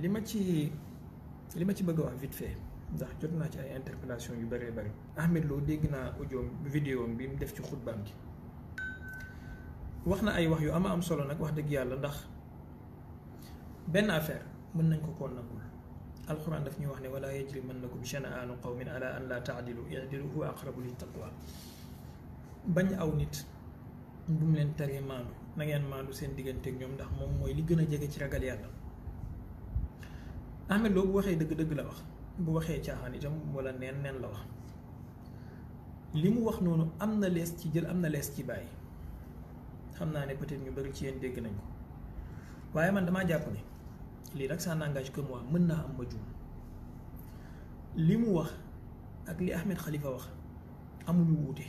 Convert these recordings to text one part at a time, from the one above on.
li ma ci li ma ci bëgg a wax vite ndax jot naa ci ay interpellation yu bëree bëri Ahmed Lo dégg naa audio vidéo bi mu def ci xutbaam gi wax na ay wax yu ama am solo nag wax dëgg yàlla ndax benn affaire mën nañ ko koon nangul alxuraan daf ñuy wax ne wala yajrimannakum shana'aanu qawmin ala an laa taadilu idilu huwa aqrabu lit taqwa bañ aw nit bu mu leen taree maandu nangeen ngeen maandu seen digganteeg ñoom ndax moom mooy li gën a jege ci ragal Ahmed Lo bu waxee dëgg-dëgg la wax bu waxee caaxaan itam wala neen neen la wax li mu wax noonu am na lees ci jël am na lees ci bàyyi xam naa ne peut ñu bari ci yéen dégg nañ ko waaye man damaa jàpp ne lii rek ça n'engage que moi mën naa am ma juum li mu wax ak li Ahmed xalifa wax amuñu wuute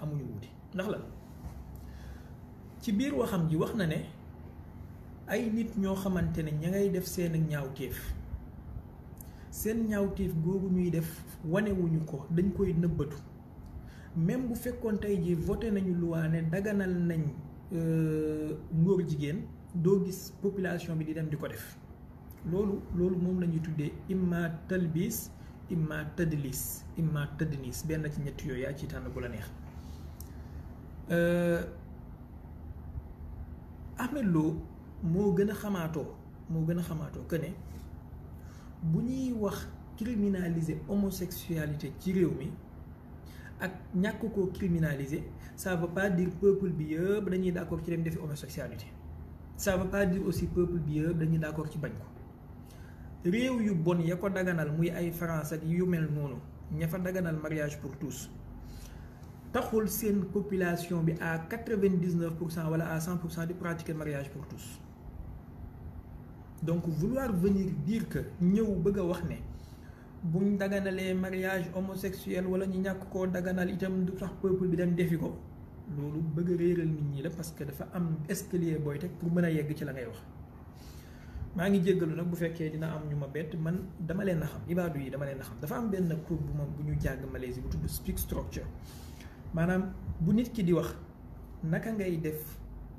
amuñu wuute ndax la ci biir waxam ji wax na ne. ay nit ñoo xamante ne ña ngay def seen ñaawteef seen ñaawteef googu ñuy def wanewuñu ko dañ koy nëbbatu même bu fekkoon tey ji vote nañu loi ne daganal nañ euh, ngóor jigéen doo gis population bi di dem di ko def loolu loolu moom la ñuy tuddee imma talbis imma tëddlis imma tëddnis benn ci ñett yooyu yaa ci tànn bu la neex euh, moo gën a xamaatoo moo gën a xamaatoo que ne bu ñuy wax criminaliser homosexualité ci réew mi ak ñàkk koo criminaliser ça veut pas dire peuple bi yëpp dañuy d'accord ci dem defi homosexualité ça veut pas dire aussi peuple bi yëpp dañuy d'accord ci bañ ko réew yu bon ya ko daganal muy ay France ak yu mel noonu ña fa daganal mariage pour tous taxul seen population bi à quatre-vingt-dix-neuf pour cent wala à cent pour cent di pratiquer mariage pour tous donc vouloir venir dire que ñëw bëgg a wax ne buñ daganalee mariage homosexuel wala ñu ñàkk koo daganal itam du tax peuple bi dem defi ko loolu bëgg a réeral nit ñi la parce que dafa am escalier booy teg pour mën a yegg ci la ngay wax maa ngi jéggalu nag bu fekkee dina am ñu ma bett man dama leen a xam ibaadu yi dama leen a xam dafa am benn cours bu ma bu ñu jàng Malaisie bu tudd speak structure maanaam bu nit ki di wax naka ngay def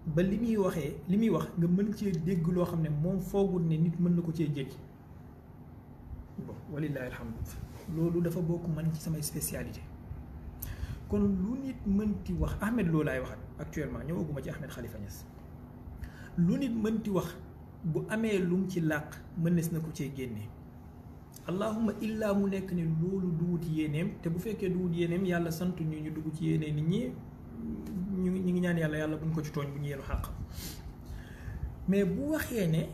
ba li muy waxee li muy wax nga mën ci dégg loo xam ne moom foogul ne nit mën na ko cee jéggi bo walillaahi alhamdu loolu dafa bokk man ci samay spécialité kon lu nit mënti wax Ahmed Lo ay waxat actuellement ñëwaguma ci Ahmed Khalifa Niass lu nit ti wax bu amee lum ci làq mënees na ko cee génne allahuma illaa mu nekk ni loolu duwut yéeneem te bu fekkee duwut yéeneem yàlla sant ñu ñu dugg ci yéene nit ñi ñu ñu ngi ñaan yàlla yàlla buñ ko ci tooñ bu ñu yenu xàq mais bu waxee ne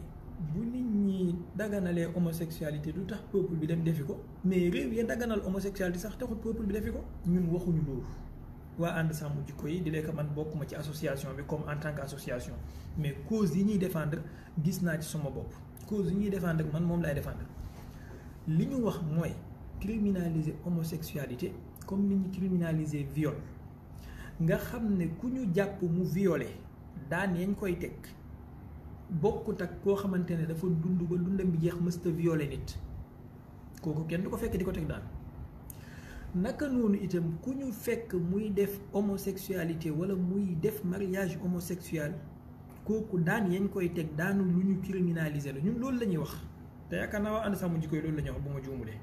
bu nit ñi daganalee homosexualité du tax peuple bi dem defi ko mais réew ya daganal homosexualité sax taxul peuple bi defi ko ñun waxuñu loolu waa ànd sàmm ko yi di lekk man bokk ma ci association bi comme en tant que association mais cause yi ñuy defand gis naa ci sama bopp cause yi ñuy ak man moom laay défendre li ñu wax mooy criminaliser homosexualité comme nit ñu criminaliser viol nga xam ne ku ñu jàpp mu violé daan yañ koy teg bokkut ak koo xamante ne dafa dund ba dundam bi jeex mësta violé nit kooku kenn du ko fekk di ko teg daan naka noonu itam ku ñu fekk muy def homosexualité wala muy def mariage homosexuel kooku daan yañ koy teg daanu lu ñu criminaliser la ñun loolu la ñuy wax te yaakaar naa waa ànd sàmm jikko yi loolu la ñuy wax bu ma juumulee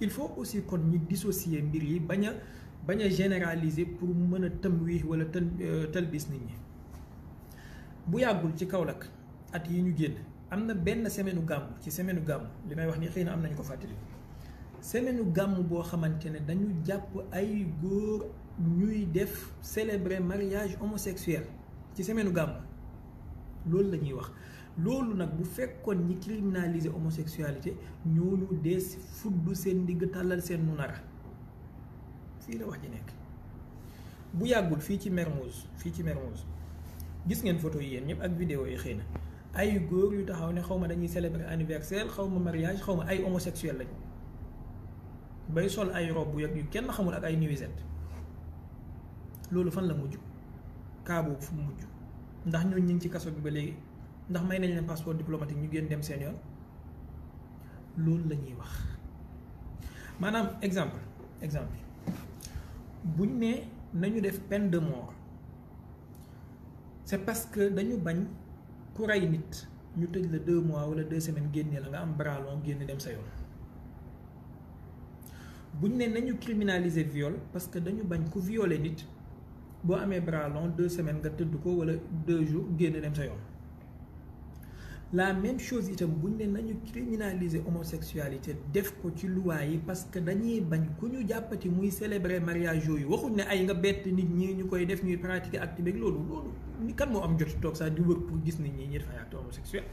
il faut aussi kon ñu dissocier mbir yi bañ bañ a généraliser pour mën a tëm wii wala tën euh, tëlbis nit ñi bu yàggul ci kaw Kaolack at yi ñu génn am na benn semaine u gàmm ci semaine u gàmm li wax ni xëy na am nañu ko fàttali semaine u gàmm boo xamante ne dañu jàpp ay góor ñuy def célébrer mariage homosexuel ci semaine u gàmm loolu lañuy wax loolu nag bu fekkoon ñi criminaliser homosexualité ñooñu dees fudd seen ndigg tàllal seen nu nara fii la wax ji nekk bu yàggul fii ci Mermoz fii ci Mermoz gis ngeen photo yi yéen ñëpp ak vidéo yi xëy na ay góor yu taxaw ne xaw ma dañuy célébrer anniversaire xaw ma mariage xaw ma ay homosexuel lañu bay sol ay robe bu yu kenn xamul ak ay nuisette loolu fan la mujj kaa boobu fu mu mujj ndax ñooñu ñu ngi ci kaso bi ba léegi ndax may nañ leen passeport diplomatique ñu génn dem seen loolu la ñuy wax maanaam exemple exemple. buñ ñu nee nañu def peine de mort c'est parce que dañu bañ ku rey nit ñu tëj la deux mois wala deux semaines génnee la nga am bras génn dem sa yoon bu ñu nee nañu criminaliser viol parce que dañu bañ ku violer nit boo amee bras deux semaines nga tëdd ko wala deux jours génn dem sa yoon. la même chose itam buñ ne nañu criminaliser homosexualité def ko ci luwaa yi parce que dañuy bañ ku ñu jàppati muy célébrer mariage yooyu waxuñ ne ay nga bett nit ñi ñu koy def ñuy pratique acte beeg loolu loolu kan moo am jot toog sax di wër pour gis nit ñi ñi dafay acte homosexuel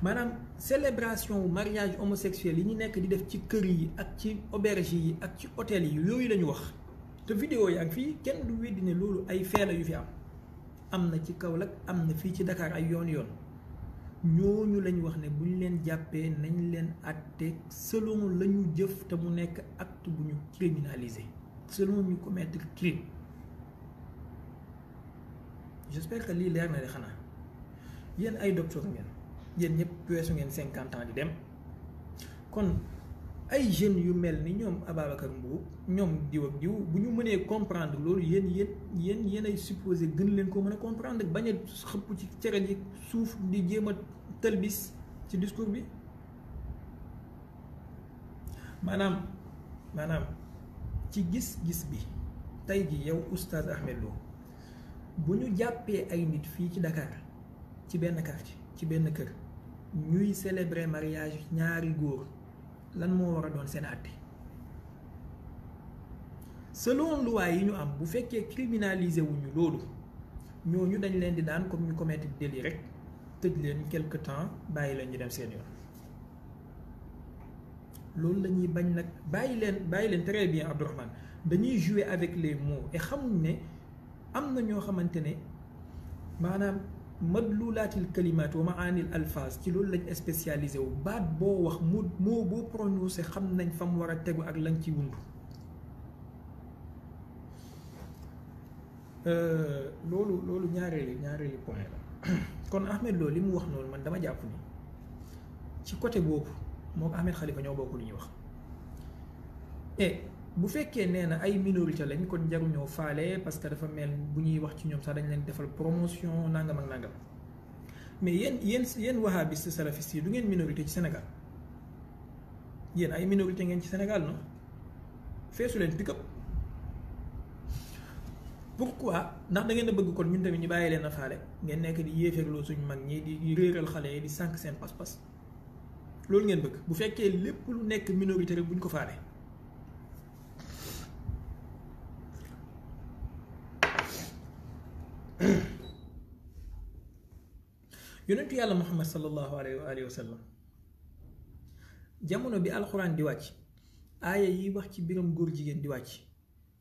maanaam célébration mariage homosexuel yi ñu nekk di def ci kër yi ak ci auberge yi ak ci hôtel yi yooyu lañu wax te vidéo yi ak fii kenn du weddi loolu ay feela yu fi am am na ci Kaolack am na fii ci Dakar ay yoon yoon ñooñu lañu wax ne bu ñu leen jàppee nañ leen àtte selon la ñu jëf te mu nekk acte bu ñu criminalisé selon ñu commettre crime j'espère lii leer na de xanaa yéen ay docteur ngeen yéen ñëpp weesu ngeen cinquante ans di dem kon ay jeunes yu mel ni ñoom Ababacar Mbow ñoom diw ak diw bu ñu mënee comprendre loolu yéen yéen yéen yéen ay supposé gën leen ko mën a comprendre bañ a xëpp ci cere yi suuf di jéem a tëlbis ci discours bi maanaam maanaam ci gis-gis bi tey ji yow oustaz Ahmed Lo bu ñu jàppee ay nit fii ci dakaar ci benn quartier ci benn kër ñuy célébrer mariage ñaari góor lan moo war a doon seen àtte selon luwaay yi ñu am bu fekkee criminalisé wuñu loolu ñooñu dañ leen di daan comme ñu commettre délit rek tëj leen quelque temps bàyyi leen ñu dem seen yoon loolu la bañ nag bàyyi leen bàyyi leen très bien Abdourahmane dañuy jouer avec les mots et xamuñ ne am na ñoo xamante ne maanaam. madlulaatil kalimaat wa maanil alfaas ci loolu lañ spécialisé wu baat boo wax mu moo boo prononcé xam nañ fa mu war a tegu ak lañ ci wund euh, loolu loolu ñaareeli ñaareeli point la kon Ahmed Lo li mu wax noonu man dama jàpp ni ci côté boobu moo ko Ahmed Khalifa ñoo bokk lu ñuy wax bu fekkee nee na ay minorité lañ kon jaruñoo faale parce que dafa mel bu ñuy wax ci ñoom sax dañ leen defal promotion nangam ak nangam mais yéen yéen yéen wahabiste salafiste yi du ngeen minorité ci Sénégal yéen ay minorité ngeen ci Sénégal non feesu leen pick-up pourquoi ndax da ngeen a bëgg kon ñun tamit ñu bàyyi leen a faale ngeen nekk di yéefeegloo suñu mag ñi di réeral xale yi di sànq seen pas-pas loolu ngeen bëgg bu fekkee lépp lu nekk minorité rek buñ ko faale yonentu yàlla muhammad sallallahu alayhi wa sallam jamono bi alxuraan di wàcc aaya yi wax ci biram góor jigéen di wàcc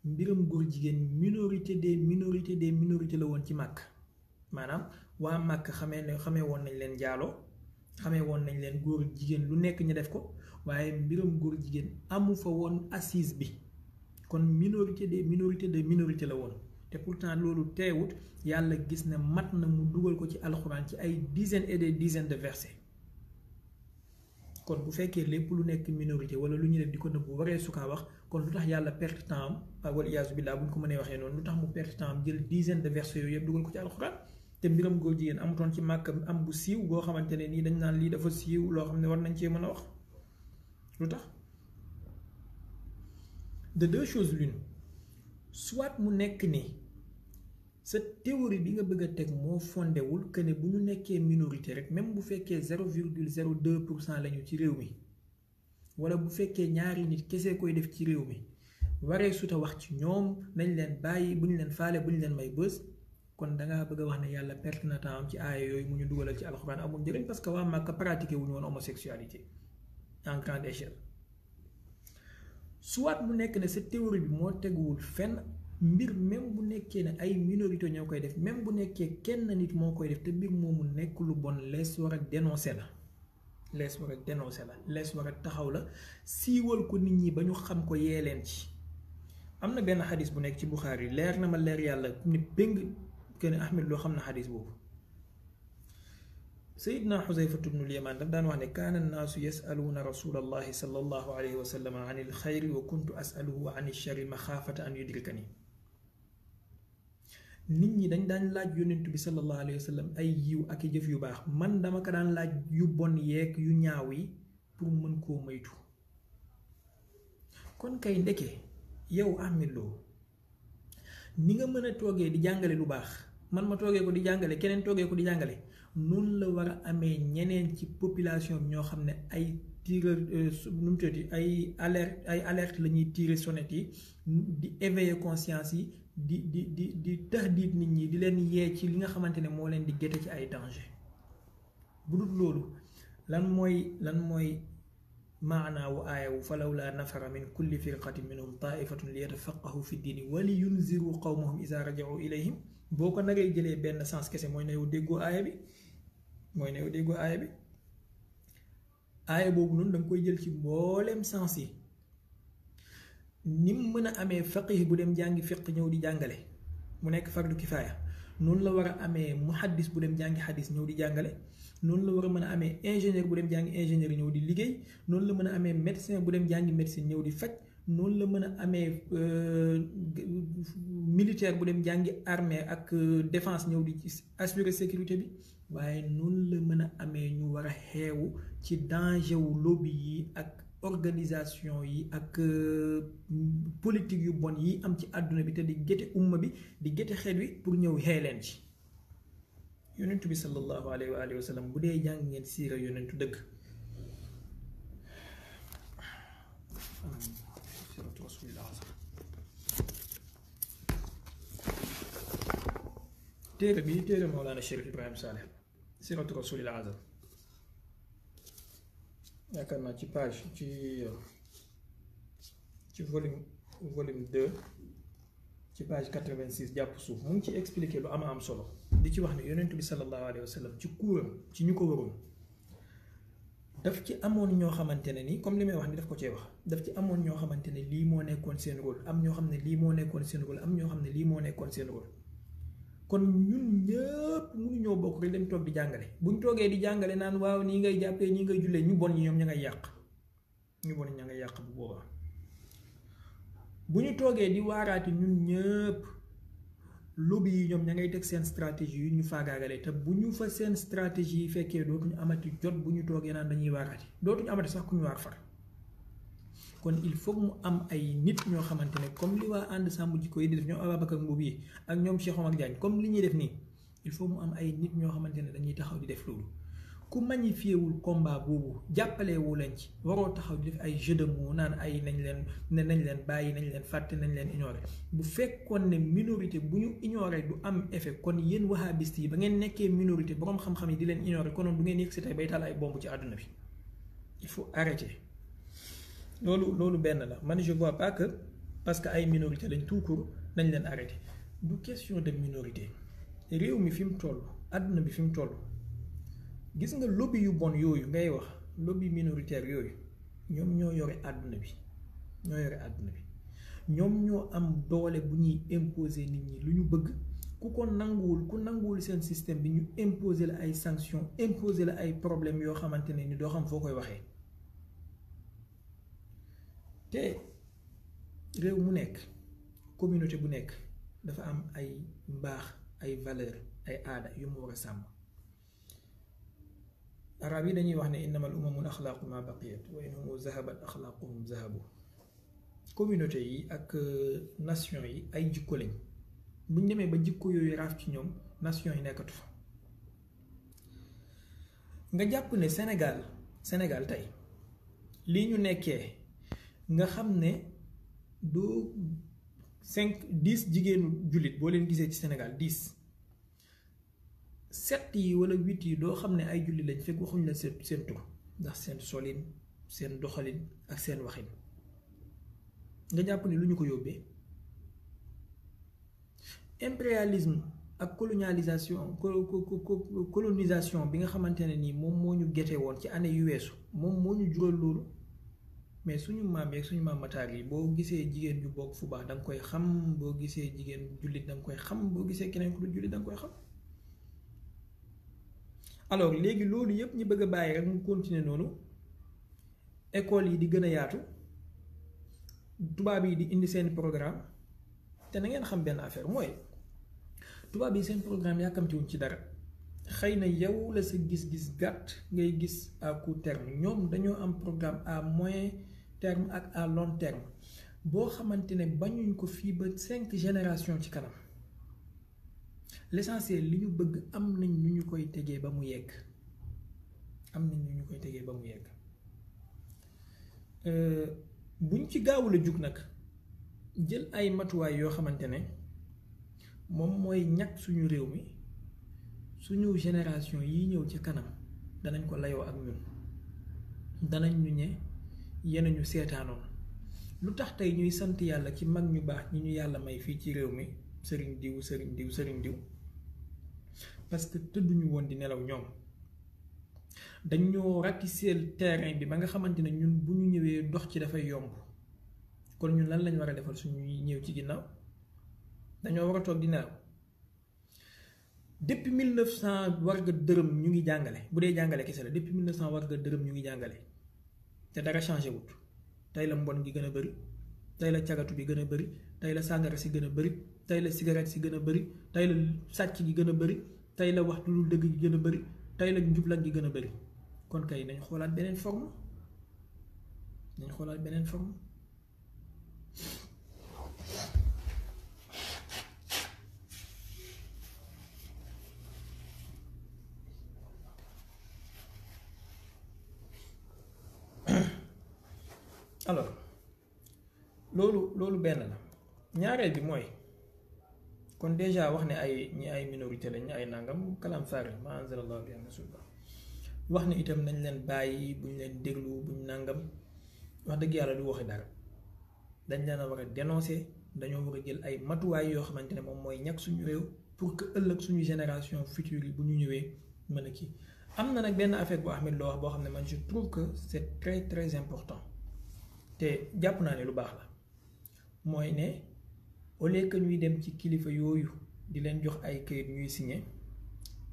mbiram góor jigéen minorité des minorités des minorités la woon ci màkk maanaam waa màkk xame ne xame woon nañ leen jaaloo xamee woon nañ leen góor jigéen lu nekk ñu def ko waaye mbiram góor jigéen amu fa woon assise bi kon minorité des minorités des minorités la woon te pourtant loolu teewut yàlla gis ne mat na mu dugal ko ci alxuraan ci ay dizaines et des dizaines de versets kon bu fekkee lépp lu nekk minorité wala lu ñu def di ko nëbb bu waree su kaa wax kon lu tax yàlla perte temps am wala iyaasu bu ñu ko mënee waxee noonu lu tax mu perte temps am jël dizaine de versets yooyu yëpp dugal ko ci alxuraan te mbiram góor jigéen amutoon ci màkk am bu siiw boo xamante ne nii dañ naan lii dafa siiw loo xam ne war nañ cee mën a wax tax de deux choses l'une mu nekk nii sa théorie bi nga bëgg a teg moo fondewul que ne bu ñu nekkee minorité rek même bu fekkee zéro virgule zéro deux pour cent lañu ci réew mi wala bu fekkee ñaari nit kese koy def ci réew mi waree suta wax ci ñoom nañ leen bàyyi bu ñu leen faale bu ñu leen may bës kon da bëgg wax ne yàlla perte na temps am ci aaya yooyu mu ñu dugalal ci alxuraan amul njëriñ parce que waa Màkka pratiqué wu ñu woon homosexualité en grande échelle soit mu nekk ne sa théorie bi moo teguwul fenn. mbir même bu nekkee ne ay minorité ñoo koy def même bu nekkee kenn nit moo koy def te mbir moomu nekk lu bon lees war a dénoncé la lees war a dénoncé la lees war a taxaw la siiwal ko nit ñi ba ñu xam ko yee leen ci am na benn xadis bu nekk ci Buxaari leer na ma leer yàlla ni péng que Ahmed loo xam na xadis boobu sayidna xusayfatu bnul yamaan daf daan wax ne kaana annaasu yasaluuna rasulallahi sallallahu alayhi wa sallam an il xayri nit ñi dañ daan laaj yonent bi sallallahu alayhi wa sallam ay yiw ak i jëf yu baax man dama ko daan laaj yu bon yeeg yu ñaaw yi pour mën koo moytu kon kay ndeke yow Ahmed Lo ni nga mën a toogee di jàngale lu baax man ma toogee ko di jàngale keneen toogee ko di jàngale noonu la war a amee ñeneen ci population bi ñoo xam ne ay tireur euh, nu mu ay alerte ay alerte la ñuy tirer sonnette yi di éveiller conscience yi di di di di taxdiit nit ñi di leen yee ci li nga xamante ne moo leen di gétte ci ay danger bu dul loolu lan mooy lan mooy maanaawu aaya wu laa nafara min kulli firqatin minhum taifatun li yatafaqahu fi diini wa li yunziru qawmahum isa rajau ilayhim boo ko nagay jëlee benn sens kese mooy ne yow déggoo aaya bi mooy ne yow déggoo aaya bi aaya boobu noonu da koy jël ci mbooleem sens yi ni mu mën a amee faqih bu dem jàngi fiq ñëw di jàngale mu nekk far fardu kifaaya noonu la war a amee muhaddis bu dem jàngi xaddis ñëw di jàngale noonu la war a mën a amee ingénieur bu dem jàngi ingénieur ñëw di liggéey noonu la mën a amee médecin bu dem jàngi médecine ñëw di faj noonu la mën a amee euh, militaire bu dem jàngi armee ak euh, défense ñëw di assurer sécurité bi waaye noonu la mën a amee ñu war a xeewu ci danger wu lobby yi ak. organisation yi ak euh, politique yu bon yi am ci àdduna bi te di géte umma bi di géte xeet wi pour ñëw xee leen ci yonentu bi bu dee jàng ngeen siira yonentu dëgg téere bi téere Mawlana Cheikh Ibrahim Saleh siratu rasulil azam yaakaar naa ci page ci ci volume volume 2 ci page 86 jàpp suuf mu ci expliqué lu am am solo di ci wax ne yonent bi sallallahu alayhi wa ci kuuram ci ñu ko waroon daf ci amoon ñoo xamante ni comme li may wax ni daf ko cee wax daf ci amoon ñoo xamante ni lii moo nekkoon seen rôle am ñoo xam ne lii moo nekkoon seen rôle am ñoo xam ne lii moo nekkoon seen rôle kon ñun ñëpp mënuñoo bokk rek dem toog di jàngale buñ toogee di jàngale naan waaw nii ngay jàppee nii ngay jullee ñu bon ñi ñoom ña ngay yàq ñu bon ña ngay yàq bu boobaa bu ñu toogee di waaraati ñun ñëpp lobby yi ñoom ña ngay teg seen stratégie yu ñu faagaagale te bu ñu fa seen stratégie yi fekkee dootuñu amati jot bu ñu toogee naan dañuy waaraati dootuñu amati sax ku ñu waar far kon il faut mu am ay nit ñoo xamante ne comme li waa ànd sàmm jikko yi di def ñoom Ababacar Mbuub yi ak ñoom Cheikh Omar Diagne comme li ñuy def nii il mu am ay nit xamante ne dañuy taxaw di def loolu ku magnifié wul combat boobu jàppale wu leen ci waroo taxaw di ay jeu de mots naan ay nañ leen ne nañ leen bàyyi nañ leen nañ leen ignoré bu fekkoon ne minorité bu ñu ignoré du am effet kon yéen wahabiste yi ba ngeen nekkee minorité boroom xam-xam yi di leen ignoré konoon du ngeen yëg si tey bay taal ay bomb ci àdduna bi il faut arrêter. loolu loolu benn la man je vois pas que parce que ay minorité lañ tout court leen arrêté du question de minorité réew mi fi mu toll àdduna bi fi mu toll gis nga lobby yu bon yooyu ngay wax lobby minoritaire yooyu ñoom ñoo yore àdduna bi ñoo yore bi ñoom ñoo am doole bu ñuy imposer nit ñi lu ñu bëgg ku ko nanguwul ku nanguwul seen système bi ñu imposer la ay sanctions imposer la ay problèmes yoo xamante ne ni doo xam foo koy waxee. te réew mu nekk communauté bu nekk dafa am ay mbaax ay valeur ay aada yu mu war a sàmm arab yi dañuy wax ne innama al umamul axlaaqu ma baqiyat wa inhumu zahabat axlaaquhum zahabu communauté yi ak euh, nation yi ay jikko lañ buñ demee ba jikko yooyu raaf ci ñoom nation yi nekkatu fa nga jàpp ne Sénégal Sénégal tey lii ñu nekkee nga xam ne doo cinq dix jigéenu jullit boo leen gisee ci Sénégal dix sept yi wala huit yi doo xam ne ay jullit lañ fekk waxuñ la seen seen tur ndax seen solin seen doxalin ak seen waxin nga jàpp ni lu ñu ko yóbbee impérialisme ak colonisation colonisation bi nga xamante ne nii moom moo ñu gete woon ci année yu weesu moom moo ñu jural loolu mais suñu maam yeeg suñu maam mataar yi boo gisee jigéen ju bokk fu baax danga koy xam boo gisee jigéen jullit da nga koy xam boo gisee keneen ku du jullit da koy xam alors léegi loolu yëpp ñu bëgg a bàyyi rek mu continuer noonu école yi di gën a yaatu tubaab yi di indi seen programme te na ngeen xam benn affaire mooy tubaab yi seen programme yàkkamtiwuñ ci dara xëy na yow la sa gis-gis gàtt ngay gis à court ñoom dañoo am programme à moyen terme ak à lon terme boo xamante ne bañuñ ko fii ba cinq génération ci kanam l'essentiel li ñu bëgg am nañ ñu ñu koy tegee ba mu yegg am nañ ñu ñu koy tegee ba mu yegg euh, buñ ci gaawul a jug nag jël ay matuwaay yoo xamante ne moom mooy ñàkk suñu réew mi suñu génération yi ñëw ci kanam danañ ko layoo ak ñun danañ ñu ñe yéen ñu seetaanoon lu tax tey ñuy sant yàlla ci mag ñu baax ñi ñu yàlla may fii ci réew mi sëriñ diw sëriñ diw sëriñ diw parce que tëdduñu woon di nelaw ñoom dañoo ratiseel terrain bi ba nga xamante ne ñun bu ñu ñëwee dox ci dafay yomb kon ñun lan lañ war a defal suñuy ñëw ci ginnaaw dañoo war a toog di nelaw depuis 1900 war nga dërëm ñu ngi jàngale bu dee jàngale kese la depuis 1900 war nga dërëm ñu ngi jàngale. te dara changé wut tey la mbon gi gën a bëri tey la cagatu bi gën a bari tey la sàngara si gën a bari tey la cigarette si gën a bari tey la sàcc gi gën a bari tey la waxtu lu dëgg gi gën a bari tey la njublan gi gën a bari kon kay nañ xoolaat beneen forme nañ xoolaat beneen forme alors loolu loolu benn la ñaareel bi mooy kon déjà wax ne ay ñi ay minorité lañ ay nangam kalaam saari ma anzalallahu bi wax ne itam nañ leen bàyyi buñ leen déglu buñ nangam wax dëgg yàlla du waxi dara dañ leen a war a dañoo war a jël ay matuwaay yoo xamante ne moom mooy ñàkk suñu réew pour ëllëg suñu génération future yi bu ñu ñëwee mën kii am na nag benn affaire bu Ahmed loo wax boo xam ne man si trouve que c'est très très important te jàpp naa ne lu baax la mooy ne au lieu que ñuy dem ci kilifa yooyu di leen jox ay këyit ñuy signé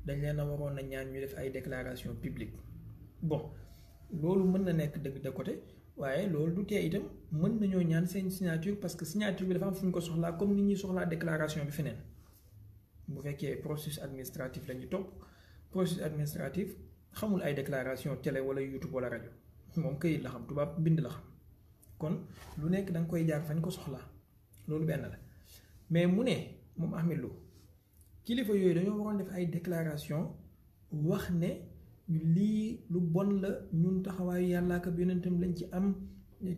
dañ leen a waroon a ñaan ñu def ay déclaration publique bon loolu mën na nekk dëgg de côté waaye loolu du tee itam mën nañoo ñaan seen signature parce que signature bi dafa am fu ko soxlaa comme ni ñuy soxlaa déclaration bi feneen bu fekkee processus administratif la ñu topp processus administratif xamul ay déclaration tele wala YouTube wala rajo moom këyit la xam tubaab bind la kon lu nekk da nga koy jaar fañ ko soxla loolu benn la mais mu ne moom Ahmed Lo kilifa yooyu dañoo waroon def ay déclaration wax ne lii lu bon la ñun taxawaayu yàllaa ak yonentam lañ ci am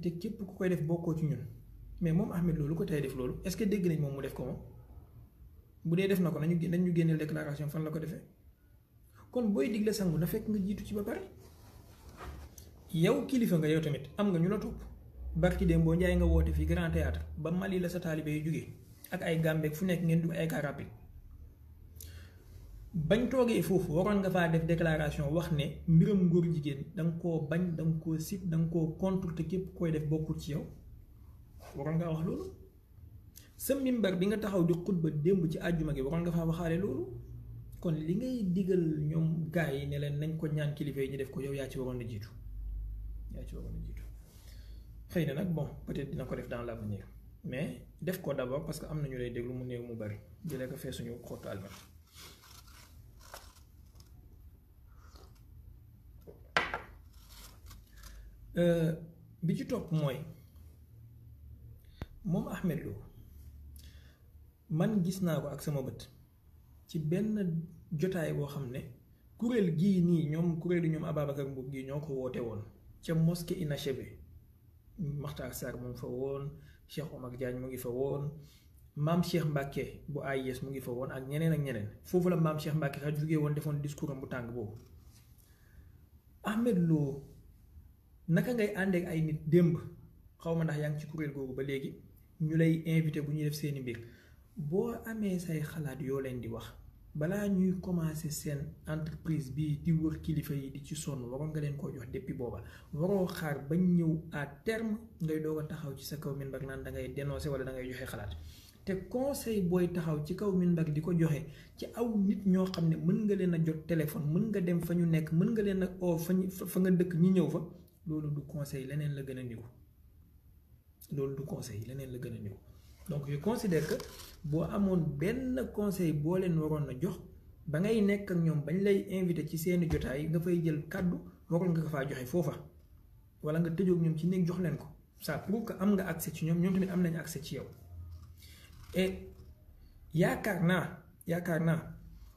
te képp ku koy def bokkoo ci ñun mais moom Ahmed Lo lu ko tey def loolu est-ce que dégg nañ moom mu def ko moom bu dee def na ko nañu nañu génneel déclaration fan la ko defee kon booy digle sangu na fekk nga jiitu ci ba pare yow kilifa nga yow tamit am nga ñu la topp. barki dem boo njaay nga woote fii Grand Théâtre ba Mali la sa taalibe yu jógee ak ay gàmbeeg fu nekk ngeen dugg ay car rapide bañ toogee foofu waroon nga faa def déclaration wax ne mbiram ngóor jigéen da nga koo bañ da ko koo sib da nga koo contre te képp koy def bokkul ci yow waroon ngaa wax loolu sa mimbar bi nga taxaw di xutba démb ci àjjuma gi waroon nga faa waxaale loolu kon li ngay digal ñoom gaa yi ne leen nañ ko ñaan kilifa yi ñu def ko yow yaa ci jiitu. xëy na nag bon peut-être dina ko def dans l'avenir mais def ko d'abord parce que am na ñu lay déglu mu néew mu bari jëlee ko fee suñu xottu almet euh, bi ci topp mooy moom Ahmed Lo man gis naa ko ak sama bët ci benn jotaay boo xam ne kuréel gii nii ñoom kuréelu ñoom Ababacar Mbuub gii ñoo ko woote woon ca mosquée inachevée Makhtar Sarr mu ngi fa woon Cheikh Omar Diagne mu ngi fa woon maam Cheikh Mbacke bu AIS mu ngi fa woon ak ñeneen ak ñeneen foofu la maam Cheikh Mbacke xaj jugee woon defoon discours am bu tàng boobu Ahmed Lo naka ngay àndeek ay nit démb xaw ma ndax yaa ngi ci kuréel googu ba léegi ñu lay invité bu ñuy def seeni mbir boo amee say xalaat yoo leen di wax. balaa ñuy commencer seen entreprise bi di wër kilifa yi di ci sonn waroon nga leen koo jox depuis booba waroo xaar bañ ñëw à terme ngay doog taxaw ci sa kaw minbar naan da ngay dénoncer wala da ngay joxe xalaat te conseil booy taxaw ci kaw minbar di ko joxe ci aw nit ñoo xam ne mën nga leen a jot téléphone mën nga dem fa ñu nekk mën nga leen a oo fa ñu fa nga dëkk ñi ñëw fa loolu du conseil leneen la gën a niru loolu du conseil leneen la gën a niru donc je considère que boo amoon benn conseil boo leen waroon na jox ba ngay nekk ak ñoom bañ lay invité ci seeni jotaay nga fay jël kàddu waroon nga ko faa joxe foofa wala nga tëjoog ñoom ci néeg jox leen ko ça prouve que am nga accès ci ñoom ñoom tamit am nañu accès ci yow yaakaar naa yaakaar naa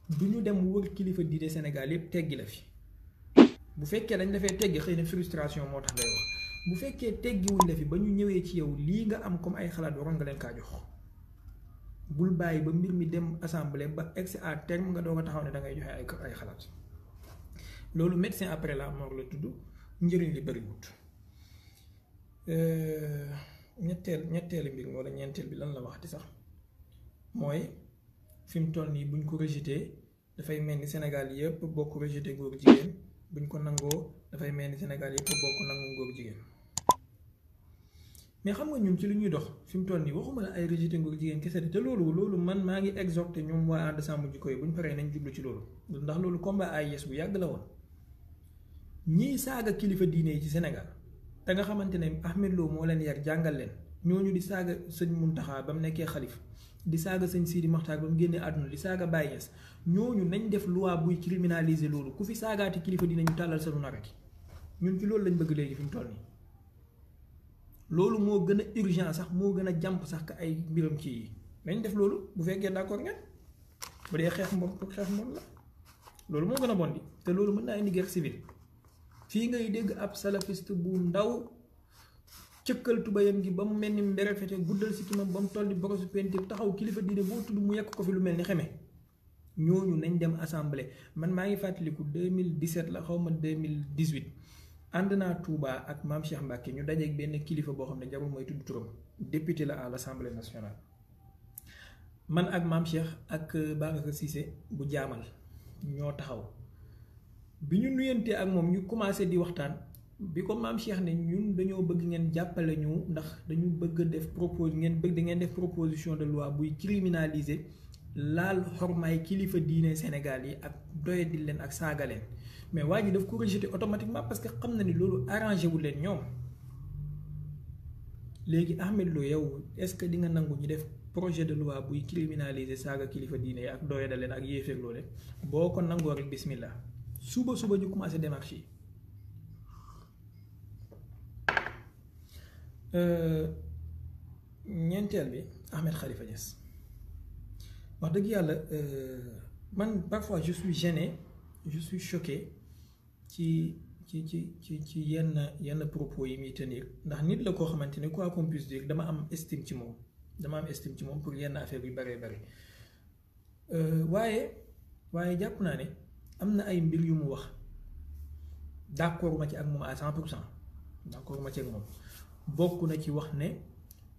du ñu dem wër kilifa diine Sénégal yëpp teggi la fi bu fekkee dañ la fee teggi xëy na frustration moo tax ngay bu fekkee teggiwuñ la fi ba ñu ñëwee ci yow lii nga am comme ay xalaat waroon nga leen kaa jox bul bàyyi ba mbir mi dem assemblée ba ex à terme nga doog a taxaw ne dangay ngay joxe ay ay xalaat loolu médecin après la mort la tudd njëriñ li bëriwut euh, ñetteel ñetteelu mbir mi wala ñeenteel bi lan la waxati sax mooy fi mu toll nii buñ ko régité dafay mel ni Sénégal yëpp bokk régité góor jigéen buñ ko nangoo dafay mel ni Sénégal yëpp bokk nangu góor jigéen. mais xam nga ñun ci li ñuy dox fi mu toll nii waxuma la ay rejeté ngóor jigéen kese te loolu loolu man maa ngi exhorté ñoom waa ànd sàmm jikko yi bu ñu paree nañ jublu ci loolu ndax loolu combat ay yes bu yàgg la woon ñiy saaga kilifa diine yi ci Sénégal da nga xamante ne Ahmed Lo moo leen yar jàngal leen ñooñu di saaga sëñ Muntaxa ba mu nekkee xalif di saaga sëñ Sidi Maxtaar ba mu génnee àdduna di saaga Baye Niass ñooñu nañ def loi buy criminaliser loolu ku fi saagaati kilifa diine ñu tàllal sa lu ñun ci loolu lañ bëgg léegi fi mu toll loolu moo gën a urgent sax moo gën a jàmp sax ka ay mbiram ci yi nañ def loolu bu fekkee d'accord ngeen bu dee xeex moom xeex moom la loolu moo gën a bon di te loolu mën naa indi guerre civile fii ngay dégg ab salafiste bu ndaw cëkkal tubayam gi ba mu mel ni mbere fete guddal si ba mu toll ni borosu pentir taxaw kilifa diine boo tudd mu yekk ko fi lu mel ni xeme ñooñu nañ dem assemblée man maa ngi fàttaliku 2017 la xaw ma mille 2018 ànd naa Touba ak maam Cheikh Mbacke ñu dajeeg benn kilifa boo xam ne jarul mooy tudd turam député la à l'Assemblée nationale man ak maam Cheikh ak Babacar Cissé bu jaamal ñoo taxaw bi ñu nuyantee ak moom ñu commencé di waxtaan bi ko maam Cheikh ne ñun dañoo bëgg ngeen jàppale ñu ndax dañu bëgg def propos ngeen bëgg ngeen def proposition de loi buy criminaliser. laal xormaay kilifa diine Sénégal yi ak doyadi leen ak saaga leen mais waa ji daf ko rejeté automatiquement parce que xam na ni loolu arrangé wu leen ñoom léegi Ahmed Lo yow est-ce que di nga nangu ñu def projet de loi buy criminaliser saaga kilifa diine yi ak doyada leen ak yéefeeg loole boo ko nangoo rek bismillah suba suba ñu commencé démarche yi euh, ñeenteel bi Ahmed xalifa Niass wax dëgg yàlla euh, man parfois je suis gêné je ci ci ci ci ci yenn yenn propos yi muy tenir ndax nit la koo xamante ni quoi qu'on puisse dire dama am estime ci moom dama am estime ci moom pour yenn affaire yu bëree bëri euh, waaye waaye jàpp naa ne am na ay mbir yu mu wax d'accord ci ak moom à cent pour cent d'accord ma ci ak moom bokk na ci wax ne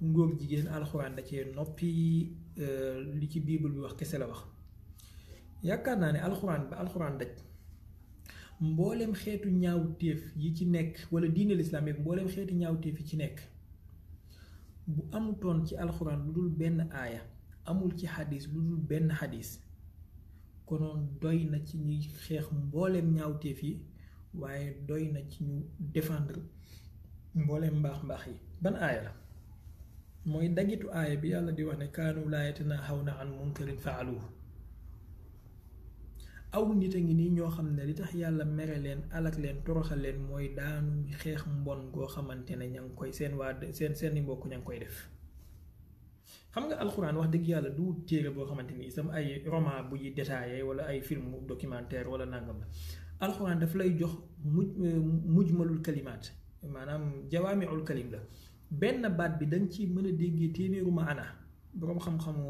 ngóor jigéen alxuraan da cee noppi euh, li ci bible bi wax kese la wax yaakaar naa ne alxuraan ba alxuraan daj mboolem xeetu ñaawteef yi ci nekk wala diine lislaam yi mboolem xeetu ñaawteef yi ci nekk bu amutoon ci alxuraan lu dul benn aaya amul ci xadis lu dul benn xadis konoon doy na ci ñuy xeex mboolem ñaawteef yi waaye doy na ci ñu défendre mboolem mbaax mbaax yi ban aaya la mooy dagitu aaya bi yàlla di wax ne kaanu laa yatanahawna an munkarin faaluhu aw nit a ngi nii ñoo xam ne li tax yàlla mere leen alak leen toroxal leen mooy daanu xeex mbon goo xamante ne ña ngi koy seen waa seen seeni mbokk ña ngi koy def xam nga alxuraan wax dëgg yàlla du téere boo xamante ni sama ay roman buy détaillé wala ay film documentaire wala nangam la alxuraan daf lay jox muj eh, malul kalimaat maanaam jawaamiul kalim la benn baat bi dañ ci mën a déggee téeméeru maana boroom xam-xamu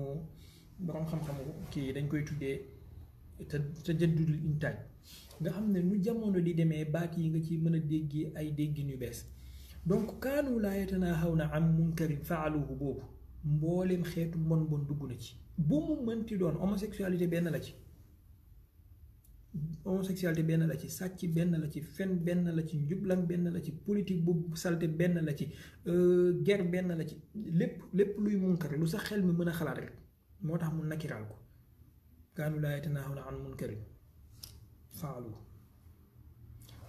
boroom xam-xamu kii dañ koy tuddee te tajaddudul intaaj nga xam ne nu jamono di demee baat yi nga ci mën a déggee ay déggin yu bees donc kaanu laa yatanaahawna an munkarin faaluhu boobu mbooleem xeetu mbon mbon dugg na ci bu mu mënti doon homosexualité benn la ci homosexualité benn la ci sàcc benn la ci fen benn la ci njublan benn la ci politique bu salte benn la ci euh, ger benn la ci lépp lépp luy munkar lu sax xel mi mën a xalaat rek moo tax mu nakiraal ko kaanu laa yatanaahauna an munkarin faalu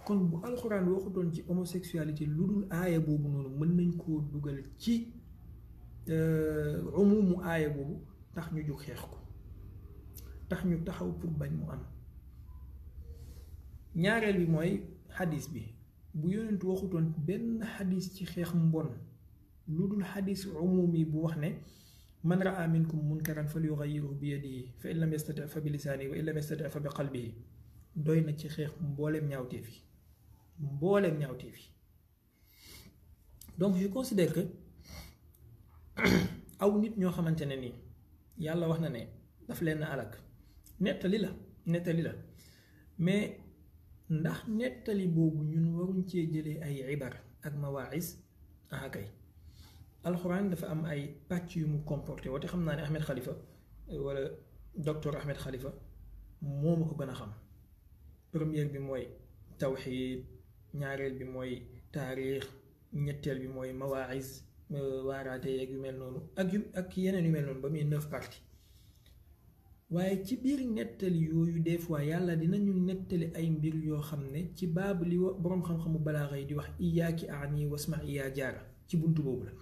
kon bu alxuraan doon ci homosexualité lu dul aaya boobu noonu mën nañ koo dugal ci euh, umumu aaya boobu tax ñu jug xeex ko tax ñu taxaw pour bañ mu am ñaareel bi mooy xadis bi bu yonent waxutoon benn xadis ci xeex mbon lu dul xadis umumi bu wax ne man raa minkum munkaran falyughayyiru bi yadihi fa in lam yastati fa bi lisaanihi wa in lam yastati fa bi qalbihi doy na ci xeex mbooleem ñaawteef yi mbooleem ñaawteef yi donc je considère que aw nit ñoo xamante ne nii yàlla wax na ne daf leen alak nettali la nettali la mais ndax nettali boobu ñun waruñ cee jëlee ay ibar ak mawaïs ah kay alxuraan dafa am ay pàcc yu mu comporté woote xam naa ne Ahmed xalifa wala docteur Ahmed xalifa moo ma gën a xam première bi mooy tawxiid ñaareel bi mooy taarix ñetteel bi mooy mawaïs euh, waaraate yeeg yu mel noonu ak yu ak yeneen yu mel noonu ba muy neuf parties waaye ci biir nettali yooyu des fois yàlla dina ñu nettali ay mbir yoo xam ne ci baab li boroom xam-xamu balaaxa yi di wax iyaaki aani wasma iyaa jaara ci bunt boobu la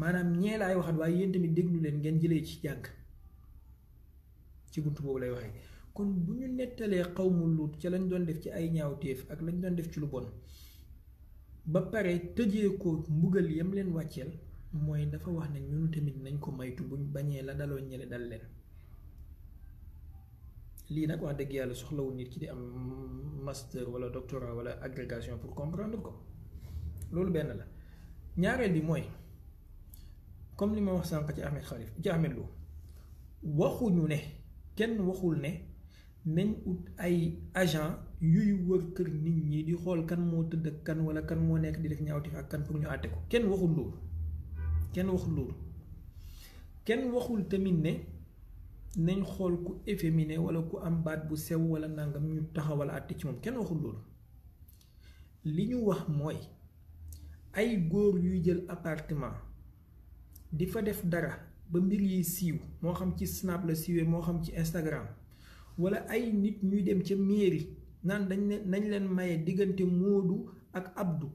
maanaam ñee laay waxat yéen tamit déglu leen ngeen jëlee ci jàng ci buntu boobu lay waxee kon bu ñu nettalee xawmu luut ca lañ doon def ci ay ñaawteef ak lañ doon def ci lu bon ba pare tëjee ko mbugal yam leen wàcceel mooy dafa wax ne ñun tamit nañ ko maytu buñ bañee la daloo ñële dal leen lii nag wax dëgg yàlla soxlawul nit ci di am masteur wala doctorat wala agrégation pour comprendre ko loolu benn la ñaareel bi mooy comme li ma wax sànq ci Ahmed Khalifa ci Ahmed Lo waxuñu ne kenn waxul ne nañ ut ay agent yuy wër kër nit ñi di xool kan moo tëdd ak kan wala kan moo nekk di def ñaawtif ak kan pour ñu àtte ko kenn waxul loolu kenn waxul loolu kenn waxul tamit ne. nañ xool ku efféminé wala ku am baat bu sew wala nangam ñu taxawal àtte ci moom kenn waxul loolu li ñu wax mooy ay góor yuy jël appartement di fa def dara ba mbir yi siiw moo xam ci snap la siiwee moo xam ci Instagram wala ay nit ñuy dem ca mairie naan dañ nañ leen maye diggante Modou ak Abdou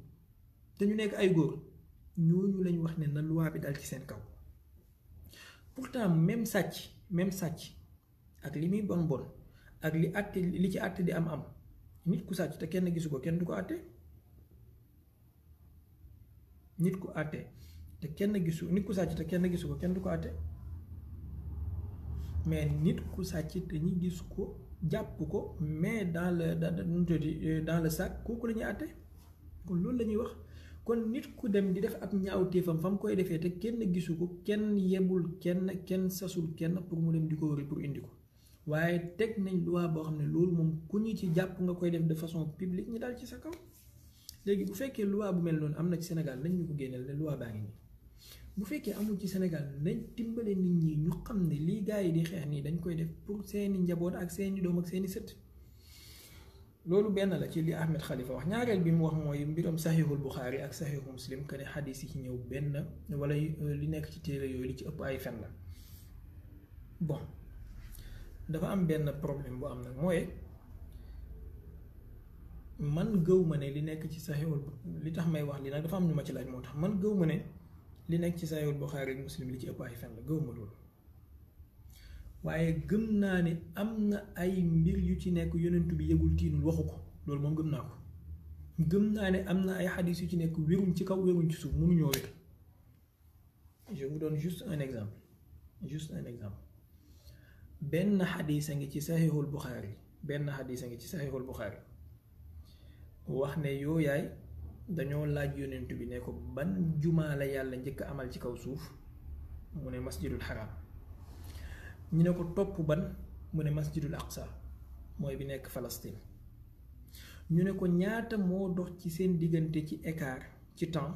te ñu nekk ay góor ñooñu lañu wax ne na bi dal ci seen kaw pourtant même sàcc. même sàcc ak li muy bon bon ak li àtte li ci àtte di am am nit ku sàcc te kenn gisu ko kenn du ko àtte nit ku àtte te kenn gisu nit ku sàcc te kenn gisu ko kenn du ko àtte mais nit ku sàcc te ñi gis ko jàpp ko mais dans le dans le sac kooku la ñuy àtte kon loolu la ñuy wax kon nit ku dem di def ab ñaawteefam fa mu koy defee te kenn gisu ko kenn yebul kenn kenn sasul kenn pour mu dem di ko wëri pour indi ko waaye teg nañ loi boo xam ne loolu moom ku ñu ci jàpp nga koy def de façon publique ñu daal ci sa kaw léegi bu fekkee luwaa bu mel noonu am na ci Sénégal nañ ñu ko génneel ne loi baa ngi nii bu fekkee amul ci Sénégal nañ dimbale nit ñi ñu xam ne lii gars yi di xeex nii dañ koy def pour seeni njaboot ak seeni doom ak seeni sët loolu benn la ci li Ahmed xalifa wax ñaareel bi mu wax mooy mbiram saxiixul Buxaari ak saxiixu Muslim que ne xadis yi ci ñëw benn wala euh, li nekk ci téere yooyu li ci ëpp ay fen la bon am benn problème bu am nag mooy man gëw ma ne li nekk ci saxiixul li tax may wax li nag dafa am ñu ma ci laaj moo tax man gëw ma ne li nekk ci saxiixul Buxaari ak Muslim li ci ëpp ay fen la gëw ma loolu waaye gëm naa ni am na ay mbir yu ci nekk yonent bi yëgul tiinul waxu ko loolu moom gëm naa ko gëm naa ne am na ay xadis yu ci nekk wéruñ ci kaw wéruñ ci suuf mënuñoo wér je vous donne juste un benn xadis ngi ci saxiixul benn xadis ngi ci saxiixul Buxaari wax ne yoo yaay dañoo laaj yonent bi ne ko ban jumaa la yàlla njëkk amal ci kaw suuf mu ne masjidul xaraam ñu ne ko topp ban mu ne masjidul aqsa mooy bi nekk Palestine ñu ne ko ñaata moo dox ci seen diggante ci écart ci temps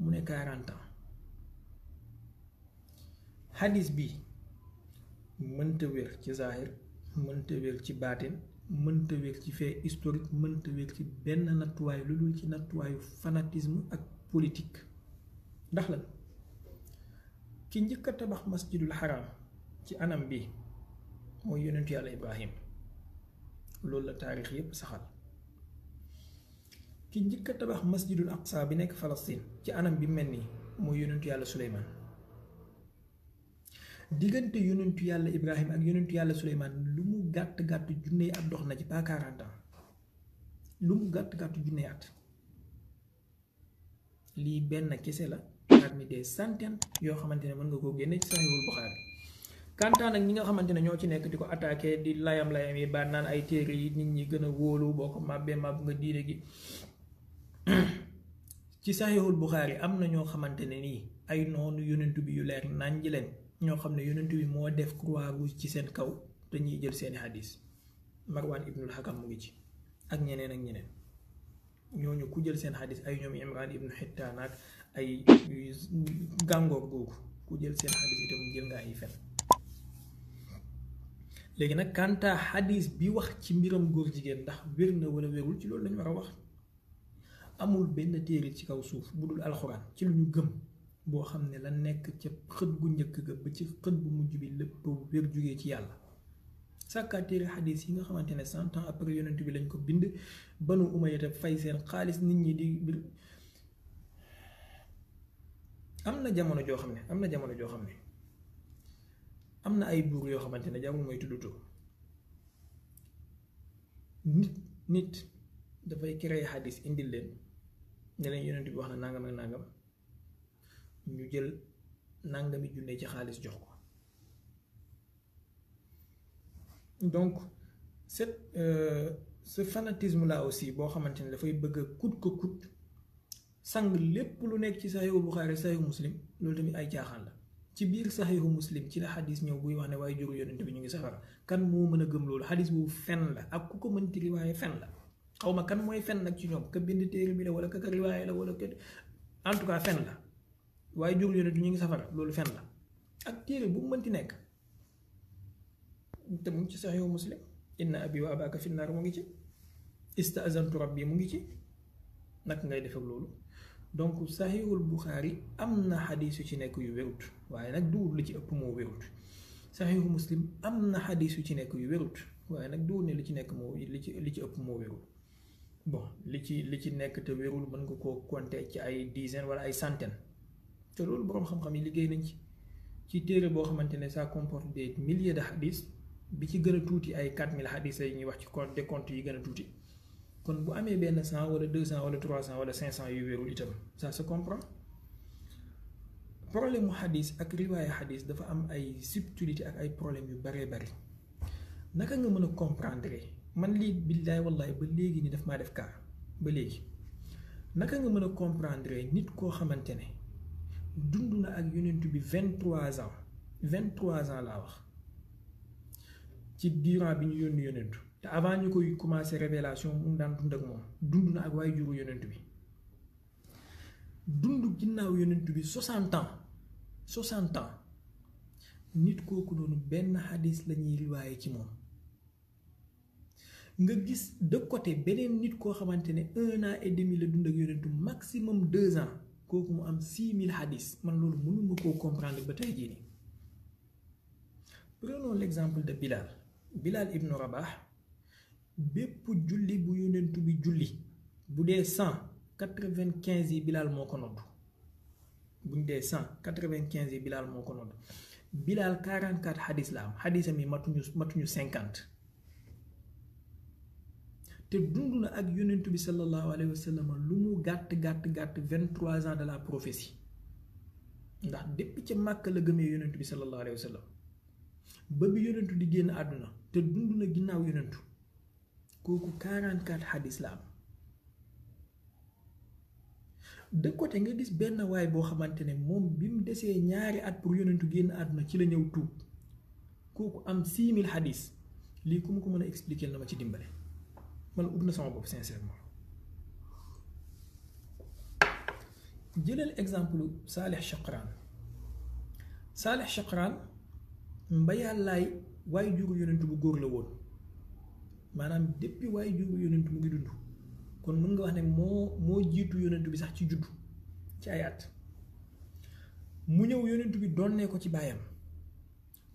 mu ne 40 ans bi mënta wér ci zahir mënta wér ci baatin mënta wér ci fait historique mënta wér ci benn nattuwaay lu dul ci nattuwaayu fanatisme ak politique ndax lan ki njëkk tabax masjidul haram ci anam bi mooy yonentu yàlla ibrahim loolu la taarix yépp saxal ki njëkk a tabax masjidul aqsa bi nekk Palestine ci anam bi mel ni mooy yonentu yàlla suleymaan diggante yonentu yàlla ibrahim ak yonentu yàlla suleymaan lu mu gàtt gàtt junne at dox na ci pas lu mu gàtt gàtt lii benn kese la parmi des centaines yoo xamante ne mën nga koo génne ci Sahihul Bukhari kantaan ak ñi nga xamante ne ñoo ci nekk di ko attaqué di layam-layam yi ba naan ay téere yi nit ñi gën a wóolu boo ko màbbee màbb nga diine gi ci saxiixul yi am na ñoo xamante ne nii ay noonu yonentu bi yu leer nañ ji leen ñoo xam ne yonentu bi moo def croix rouge ci seen kaw dañuy jël seeni hadis Marwan ibnul Hakam mu ngi ci ak ñeneen ak ñeneen ñooñu ku jël seen xadis ay ñoom Imran ibnu Xittaan ay gàngoor googu ku jël seen xadis itam léegi nag kanta xadis bi wax ci mbiram góor jigéen ndax wér na wala wérul ci loolu lañu war a wax amul benn téere ci kaw suuf bu dul alxuraan ci lu ñu gëm boo xam ne la nekk ca xët gu njëkk ga ba ci xët bu mujj bi lépp wér jógee ci yàlla sàkkaa téere xadis yi nga xamante ne cent ans après yonent bi lañ ko bind banu umayya fay seen xaalis nit ñi di am na jamono joo xam ne am na jamono joo xam ne am na ay buur yoo xamante ne jàmm mooy tudd nit nit dafay créer xadis indil leen ne leen bi wax na nangam ak nangam ñu jël nangami junne ci xaalis jox ko donc set euh, ce fanatisme là aussi boo xamante ne dafay bëgg a kut ko kut sang lépp lu nekk ci bu Saxiixu sa Saxiixu Muslim loolu tamit ay caaxaan la. ci biir saxiixu muslim ci la xadis ñëw buy wax ne waaye juru yonent bi ñu ngi safara kan moo mën a gëm loolu xadis boobu fen la ak ku ko mënti riwaaye fen la xaw ma kan mooy fen nag ci ñoom ka bind téere bi la wala ka ka riwaaye la wala ka en tout cas fen la waaye juru yonent bi ñu ngi safara loolu fen la ak téere bu mu mënti nekk te mu ngi ci saxiixu muslim inna abi wa abaka finnaar mu ngi ci istazantu rabbi mu ngi ci naka ngay def loolu donc saxiixul buxaari am na xadis yu ci nekk yu wérut waaye nag duur li ci ëpp moo wérut saxiixu muslim am na xadis yu ci nekk yu wérut waaye nag duur ne li ci nekk moo li ci li ci ëpp moo wérul bon li ci li ci nekk te wérul mën nga koo compter ci ay dizaine wala ay centaine te loolu boroom xam-xam yi liggéey nañ ci ci téere boo xamante ne saa comporte des milliers de xadis bi ci gën a tuuti ay 4000 xadis yi ñuy wax ci compte des comptes yi gën a tuuti kon bu amee benn 100 wala 200 wala 300 wala 500 yu wérul itam ça se comprend. problème mu xadis ak riwaaya xadis dafa am ay subtilité ak ay problème yu baree bari naka nga mën a comprendre man lii billaay wallaay ba léegi ni daf maa def kaar ba léegi naka nga mën a comprendre nit koo xamante ne dund na ak yonent bi vingt trois ans vingt trois ans laa wax ci durant bi ñu yónni yonentu te avant ñu koy commencé révélation mu daan dund ak moom dund na ak waay juru yonent bi dund ginnaaw yonent bi soixante ans soixante ans nit kooku noonu benn xadis la ñuy riwaaye ci moom nga gis de côté beneen nit koo xamante ne un an et la dund ak yonentu maximum deux ans kooku mu am six mille xadis man loolu mënuma koo comprendre ba tey jii nii prenons l'exemple de Bilal Bilal ibnu Rabah bépp julli bu yonentu bi julli bu dee cent quatre-vingt-quinze yi Bilal moo ko noddu bu buñ dee cent quatre yi Bilal moo ko nodd Bilal quarante-quatre xadis la am xadisam yi matuñu matuñu cinquante te dund na ak yonent bi sallallahu alayhi wa lu mu gàtt gàtt gàtt vingt-trois ans de la prophétie ndax depuis ca Màkka la gëmee yonent bi sallallahu alayhi wa sallam ba bi yonentu di génn àdduna te dund na ginnaaw yonentu kooku quarante-quatre xadis la am de côté nga gis benn waay boo xamante ne moom bi mu desee ñaari at pour yonentu génn àdduna ci la ñëw tuub kooku am 6000 hadis lii ku ma ko mën a expliquer na ma ci dimbale man ub na sama bopp sincèrement. jëlal exemple Saalix Chakran Saalix Chakran mba yàllaay waay juru yonentu bu góor la woon maanaam depuis waay juru yonentu mu ngi dund. kon mun nga wax ne moo moo jiitu yonent bi sax ci juddu ci ay at mu ñëw yonent bi ne ko ci baayam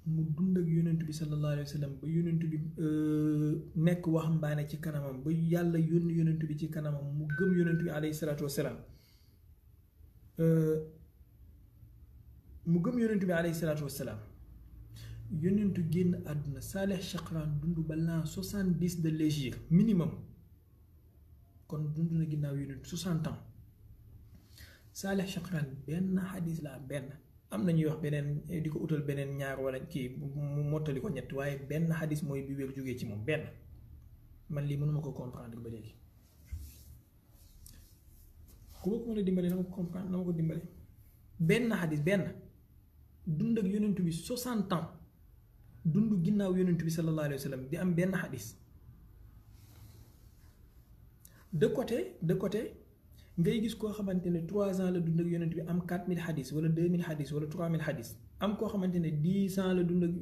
mu dund ak yonent bi sallallahu ba yonent bi euh, nekk waxambaane ci kanamam ba yàlla yónn yonent bi ci kanamam mu gëm yonent bi alayhi salaatu wa salaam euh, mu gëm yonent bi alayhi salaatu wa salaam yonentu génn àdduna Saalih Shaqraan dund ba l'an soixante-dix de l'hégire minimum kon dund na ginnaaw yonent soixante ans saalix shaqran benn xadis la benn am na ñuy wax beneen di ko utal beneen ñaar wala kii mu mottali ko ñett waaye benn xadis mooy bi wér jógee ci moom benn man lii mënuma ko comprendre ba léegi ku ma ko mën a dimbale na ma ko comprendre na ma ko dimbale benn xadis benn dund ak yonent bi soixante ans dund ginnaaw yonent bi sallallahu alayhi wa sallam di am benn xadis de côté de côté ngay gis koo xamante ne trois ans la dund ak yonent bi am quatre mille xadis wala deux mille xadis wala trois mille xadis am koo xamante ne dix ans la dund ak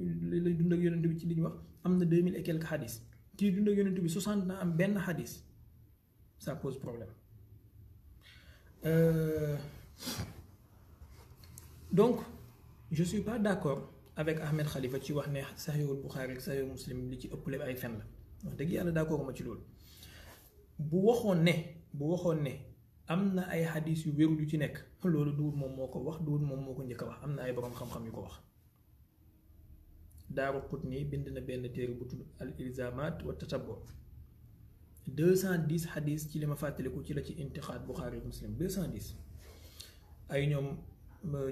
la dund ak yonent bi ci li ñu wax am na deux mille et quelques xadis kii dund ak yonent bi soixante ans am benn xadis ça pose problème euh, donc je suis pas d'accord avec Ahmed Khalifa ci wax ne Sahihul Bukhari ak Sahihul Muslim li ci ëpp ay fen la wax dëgg yàlla d'accord ma ci loolu. bu waxoon ne bu waxoon ne am na ay xadis yu wérul yu ci nekk loolu duwul moom moo ko wax duwul moom moo ko njëkk wax am na ay borom xam-xam yu ko wax daaru xutni bind na benn téere bu tudd al ilzamat wa tatabbo deux cent dix xadis ci li ma fàttaliku ci la ci intixaat buxaari muslim deux cent dix ay ñoom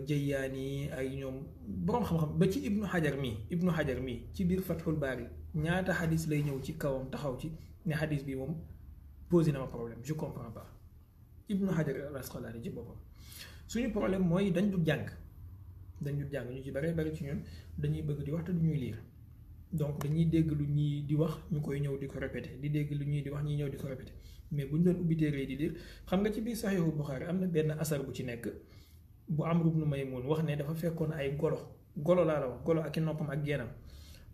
jëyaani ay ñoom boroom xam-xam ba ci ibnu xajar mii ibnu xajar mii ci biir fatxul baari ñaata xadis lay ñëw ci kawam taxaw ci ne xadis bi moom posé na ma problème je comprends pas Ibnu Hajar al-Asqalani ci boppam suñu problème mooy dañ du jàng dañ du jàng ñu ci bare bari ci ñun dañuy bëgg di wax te du ñuy liir donc dañuy dégg lu ñuy di wax ñu koy ñëw di ko répété di dégg lu ñuy di wax ñuy ñëw di ko répété mais bu ñu doon ubbi téere di liir xam nga ci biir Saxiixu Buxaari am na benn asar bu ci nekk bu Amru may Maymuun wax ne dafa fekkoon ay golo golo laa la wax golo ak i noppam ak génnam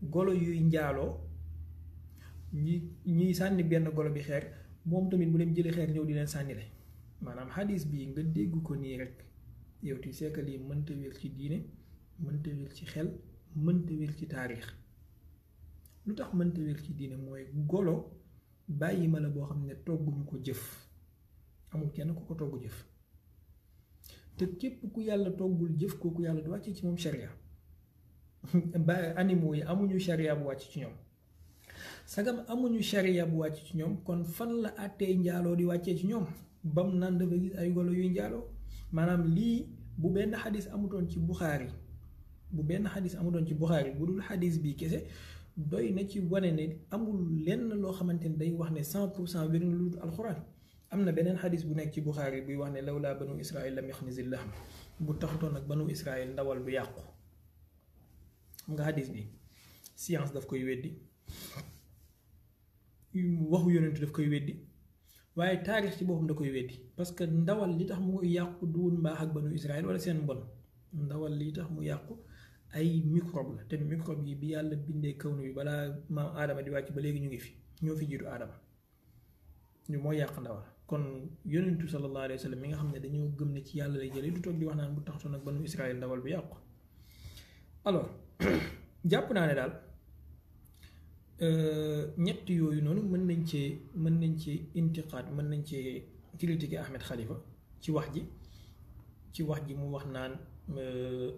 golo yuy njaaloo ñi ñuy sànni benn golo bi xeer moom tamit mu dem jëli xeer ñëw di leen sànnile maanaam xadis bii nga dégg ko nii rek yow tu sais que lii mënta wér ci diine mënta wér ci xel mënta wér ci taarix lu tax mënta wér ci diine mooy golo bàyyi ma la boo xam ne togguñu ko jëf amul kenn ku ko togg jëf te képp ku yàlla toggul jëf kooku yàlla du wàcce ci moom sharia ba animaux yi amuñu sharia bu wàcc ci ñoom sagam amuñu sharia bu wàcc ci ñoom kon fan la àttee njaaloo di wàccee ci ñoom bam naan dafa gis ay golo yuy njaaloo maanaam lii bu benn xadis amutoon ci buxaari bu benn xadis amutoon ci buxaari bu dul xadis bii kese doy na ci wane ne amul lenn loo xamante ni day wax ne cent pour cent wér lu dul alxuraan am na beneen xadis bu nekk ci buxaari buy wax ne lawlaa banu israil lam yaxnisil lahm bu taxutoon ak banu israil ndawal du yàqu xam nga xadis bi science daf koy weddi waxu yonentu daf koy weddi waaye taarix ci boppam da koy weddi parce que ndawal li tax mu yàqu duwul mbaax ak banu Israël wala seen mbon ndawal li tax mu yàqu ay microbe la te microbe yi bi yàlla bindee kaw bi balaa maam aadama di wàcc ba léegi ñu ngi fi ñoo fi jiitu aadama ñu moo yàq ndawal kon yonentu sallallahu alayhi wa sallam mi nga xam ne dañoo gëm ne ci yàlla lay jëlee du toog di wax naan bu taxutoon ak banu Israël ndawal bi yàqu alors jàpp naa ne daal. Euh, ñett yooyu noonu mën nañ cee mën nañ ci intiqaad mën nañ cee critiquer Ahmed Khalifa ci wax ji ci wax ji mu wax naan euh,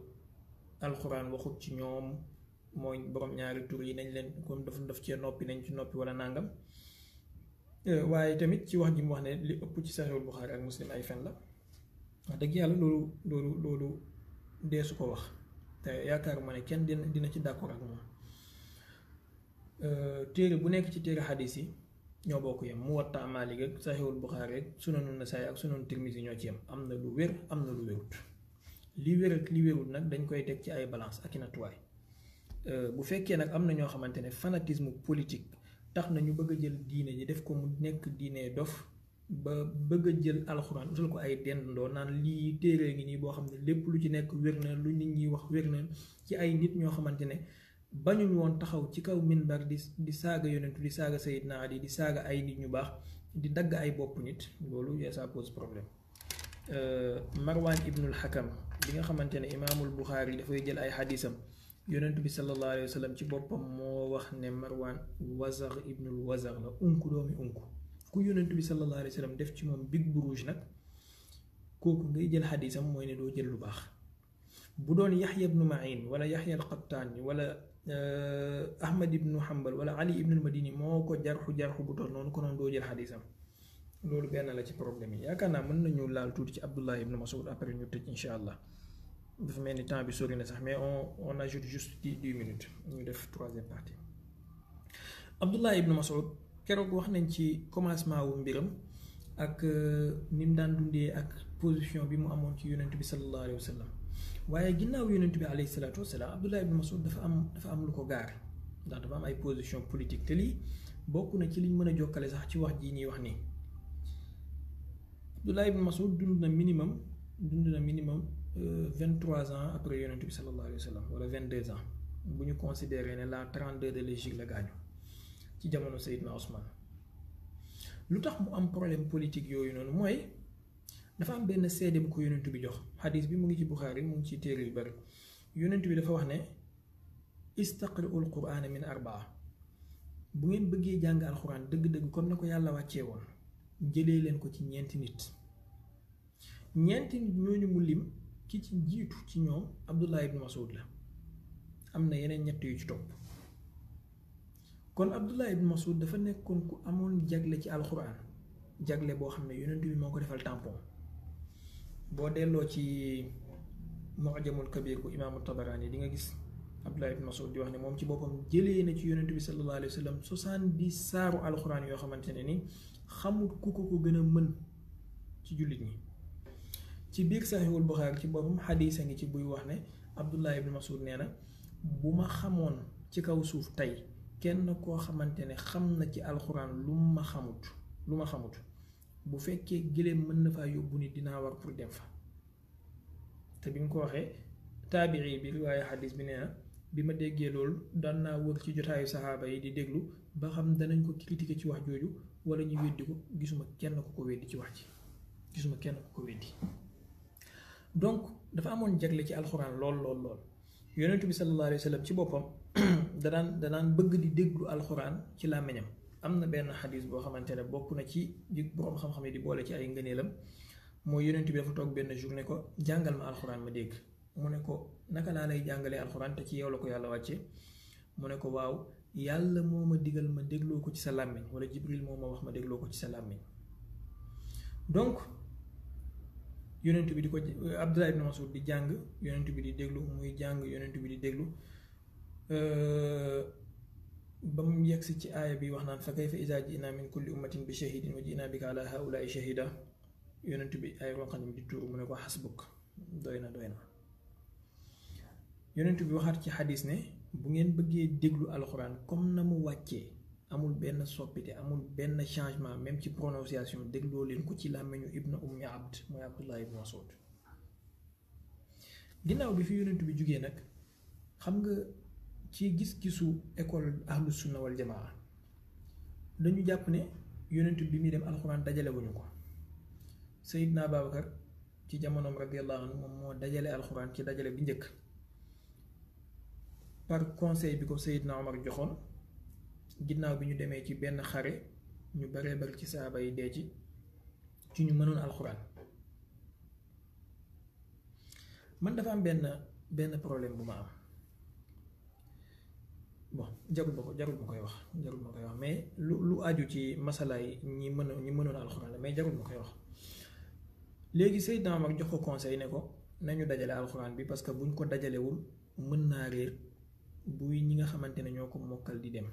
alxuraan waxut ci ñoom mooy borom ñaari tur yi nañ leen kon daf daf cee noppi nañ ci noppi wala nàngam euh, waaye tamit ci wax ji mu wax ne li ëpp ci saxiwul Buxaari ak Muslim ay fen la wax dëgg yàlla loolu loolu loolu dee ko wax te yaakaaruma ne kenn dina dina ci d'accord ak moom Euh, téere bu nekk ci téere xadis yi ñoo bokk yem Muwatta Maalik ak Saxiixul Buxaari ak Sunanu Nasaay ak Sunanu Tirmisi ñoo ci yem am na lu wér am na lu wérut li wér ak li wérut nag dañ koy teg ci ay balance ak i nattuwaay euh, bu fekkee nag am na ñoo xamante ne fanatisme politique tax na ñu bëgg a jël diine ji def ko mu nekk diine dof ba bëgg a jël alxuraan utal ko ay dendoo naan lii téere ngi nii boo xam ne lépp lu ci nekk wér na lu nit ñi wax wér na ci ay nit ñoo xamante ne bañuñ woon taxaw ci kaw minbar di di saaga yonentu di saaga sayidna ali di saaga ay nit ñu baax di dagg ay bopp nit loolu yee ça pose problème euh, marwan ibnul hakam bi nga xamante ne imaamul buxaari dafay jël ay xadisam yonent bi sallallahu alayhi wa sallam ci boppam moo wax ne marwan wazar ibnul wazar la unku doomi unku ku yonent bi sallallahu alayhi wa sallam def ci moom big bu rouge nag kooku ngay jël xadisam mooy ne doo jël lu baax bu doon yaxya ibnu Euh, Ahmad ibnu Hanbal wala Ali ibnu Madini moo ko jarxu jarxu bu toll noonu konoon doo jël xadisam loolu benn la ci problème yi yaakaar naa mën nañu laal tuuti ci Abdullah ibnu Mas'ud après ñu tëj incha allah dafa mel ni temps bi sori na sax mais on on ajoute juste ci dix minutes ñu def troisième partie Abdullah ibnu Mas'ud keroog wax nañ ci commencement wu mbiram ak euh, ni mu daan dundee ak position bi mu amoon ci yonent bi sallallahu alayhi wa waaye ginnaaw yonent bi alayhi salaatu wasalaam Abdullah ibn Mas'ud dafa am dafa am lu ko gaar ndax dafa am ay position politique te lii bokk na ci liñ mën a jokkale sax ci wax jii ñuy wax nii Abdullah ibn Mas'ud dund na minimum dund na minimum euh, vingt trois ans après yonent bi sallallahu alayhi wa sallam wala vingt deux ans bu ñu considéré ne la 32 de l'Hégire la gaañu ci jamono Seydina Ousmane lu tax mu am problème politique yooyu noonu mooy. dafa am benn seede bu ko yonent bi jox xadis bi mu ngi ci buxaari mu ngi ci téere yu bari yonent bi dafa wax ne istaqri'ul qur'ana min arbaa bu ngeen bëggee jàng alxuraan dëgg-dëgg comme na ko yàlla wàccee woon jële leen ko ci ñeenti nit ñeenti nit ñooñu mu lim ki ci jiitu ci ñoom Abdullah ibn Mas'ud la am na yeneen ñett yu ci topp kon Abdullah ibn Mas'ud dafa nekkoon ku amoon jagle ci alxuraan jagle boo xam ne yonent bi moo ko defal tampon boo delloo ci mujamul kabir bu imaamu tabaraani di nga gis abdullah ibn masud di wax ne moom ci boppam jëlee na ci yonent bi sallallahu alayhi wa sallam saaru alxuraan yoo xamante ne ni xamul ku ko ko gën a mën ci jullit ñi ci biir saxiixul buxaari ci boppam xadiis ngi ci buy wax ne abdullah ibn masud nee na bu ma xamoon ci kaw suuf tey kenn koo xamante ne xam na ci alxuraan lu ma xamut lu ma xamut bu fekkee gëléem mën na faa yóbbu ni dinaa war pour dem fa te bi mu ko waxee taabiri bi riwaaye xadis bi nee ah, bi ma déggee loolu daan naa wër ci jotaayu saxaaba yi di déglu ba xam danañ ko critiquer ci wax jooju wala ñu weddi ko gisuma kenn ku ko weddi ci wax ji gisuma kenn ku ko weddi donc dafa amoon jagle ci alxuraan lool lool lool yonentu bi sallallahu alayhi ci boppam danaan danaan bëgg di déglu alxuraan ci làmmiñam am na benn xadis boo xamante ne bokk na ci di borom xam-xam yi di boole ci ay ngëneelam mooy yonent bi dafa toog benn jour ne ko jàngal ma alxuraan ma dégg mu ne ko naka laa lay jàngalee alxuraan te ci yow la ko yàlla wàcce mu ne ko waaw yàlla moo ma digal ma dégloo ko ci sa làmmiñ wala jibril moo ma wax ma dégloo ko ci sa làmmiñ donc yonent bi di ko Abdullah ibn Mas'ud di jàng yonent bi di déglu muy jàng yonent bi di déglu euh, ba mu yegsi ci aaya bi wax naan fa kayfa izaa ji'naa min kulli ummatin bi shahidin wa ji'naa bika alaa haa'ulaa'i shahida yonent bi ay ronqañam di tuur mu ne ko xasbuk doy na doy na yonent bi waxaat ci xadis ne bu ngeen bëggee déglu alxuraan comme na mu wàccee amul benn soppite amul benn changement même ci prononciation dégloo leen ku ci làmmiñu ibna ummi abd mooy abdullah ibn masud ginnaaw bi fi yonent bi jugee nag xam nga ci gis-gisu école ahlu sunna wal jamaa dañu jàpp ne yonentu bi muy dem alxuraan dajale wuñu ko Seydina Babacar ci jamonoom radiyallahu anhu moom moo dajale alxuraan ci dajale bi njëkk par conseil bi ko na Omar joxoon ginnaaw bi ñu demee ci benn xare ñu baree bari ci saaba yi dee ci ci ñu mënoon alxuraan man dafa am benn benn problème bu ma am bon jarul ma ko jarul koy wax jarul ma koy wax mais lu lu aju ci masalaay ñi mën ñi mënoon alxuraan la mais jarul ma koy wax léegi Seydina Omar jox ko conseil ne ko nañu dajale alxuraan bi parce que buñ ko dajalewul mën naa réer buy ñi nga xamante ne ñoo ko mokkal di dem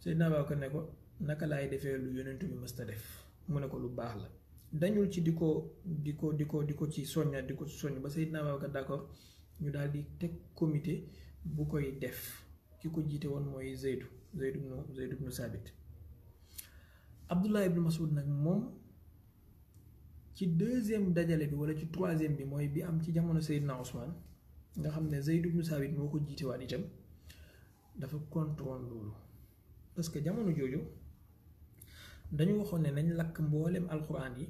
Seydina Omar ne ko naka laay defee lu yonent bi mësta def mu ne ko lu baax la dañul ci di ko di ko di ko di ko ci soñña di ko ci soññ ba Seydina Omar d'accord ñu daal di teg comité bu koy def ki ko jiite woon mooy Zeydu Zeydu bnu Zeydu bnu Saabit Abdullah ibnu Masud nag moom ci deuxième dajale bi wala ci troisième bi mooy bi am ci jamono Seydina Ousmane nga xam ne Zeydu bnu Saabit moo ko jiite waat itam dafa contre woon loolu parce que jamono jooju dañu waxoon ne nañ lakk mbooleem alxuraan yi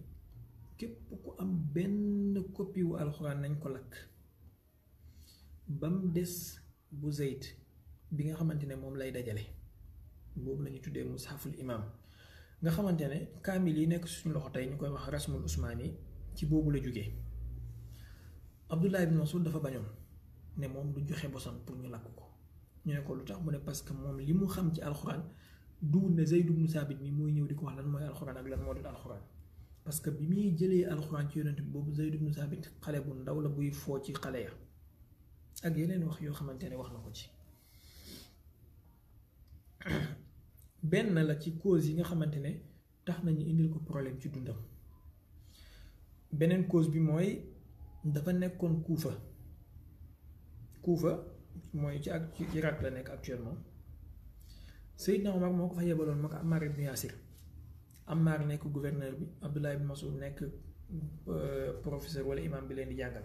képp ku am benn copie wu alxuraan nañ ko lakk bam des bu zeyt bi nga xamante ne moom lay dajale boobu la ñu tuddee mushaful imam nga xamante ne kaamil yi nekk suñu loxo tey ñu koy wax rasmul usmaan yi ci boobu la jógee Abdullah ibn Mas'ud dafa bañoon ne moom du joxe bosam pour ñu lakk ko ñu ne ko lu tax mu ne parce que moom li mu xam ci alxuraan duwul ne Zayd ibn Saabit mi mooy ñëw di ko wax lan mooy alxuraan ak lan moo dul alxuraan parce bi muy jëlee alxuraan ci yonent boobu Zayd ibn Saabit xale bu ndaw la buy foo ci xale ya ak yeneen wax yoo xamante ne wax na ko ci benn la ci cause yi nga xamante ne tax nañu indil ko problème ci dundam beneen cause bi mooy dafa nekkoon kuufa kuufa mooy ci ak ci Irak la nekk actuellement Seydina Omar moo ko fa yebaloon moo ko Ammar ibn Yasir Ammar nekk gouverneur bi Abdullah ibn Mas'ud nekk euh, professeur wala imam bi leen di jàngal